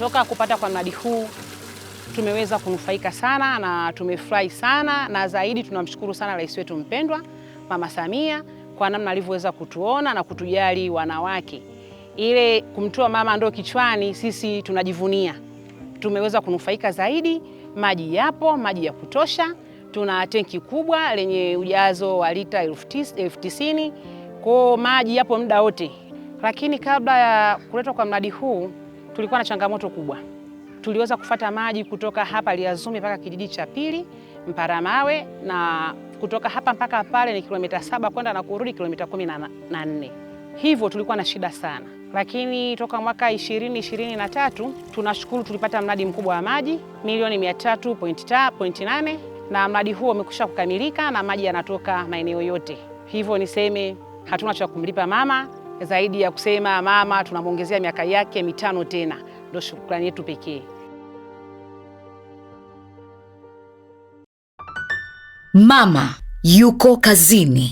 Toka kupata kwa mradi huu tumeweza kunufaika sana na tumefurahi sana, na zaidi tunamshukuru sana rais wetu mpendwa Mama Samia kwa namna alivyoweza kutuona na kutujali wanawake. Ile kumtoa mama ndoo kichwani, sisi tunajivunia, tumeweza kunufaika zaidi. Maji yapo, maji ya kutosha. Tuna tenki kubwa lenye ujazo wa lita elfu tisini kwa maji yapo muda wote, lakini kabla ya kuletwa kwa mradi huu kulikuwa na changamoto kubwa. Tuliweza kufata maji kutoka hapa Liazumi mpaka kijiji cha pili Mparamawe, na kutoka hapa mpaka pale ni kilomita saba kwenda na kurudi kilomita kumi na nne hivyo tulikuwa na shida sana, lakini toka mwaka ishirini ishirini na tatu tunashukuru tulipata mradi mkubwa wa maji milioni mia tatu pointi nane na mradi huo umekwisha kukamilika na maji yanatoka maeneo yote. Hivyo niseme hatuna cha kumlipa mama zaidi ya kusema mama tunamwongezea miaka yake mitano tena, ndio shukrani yetu pekee. Mama yuko kazini.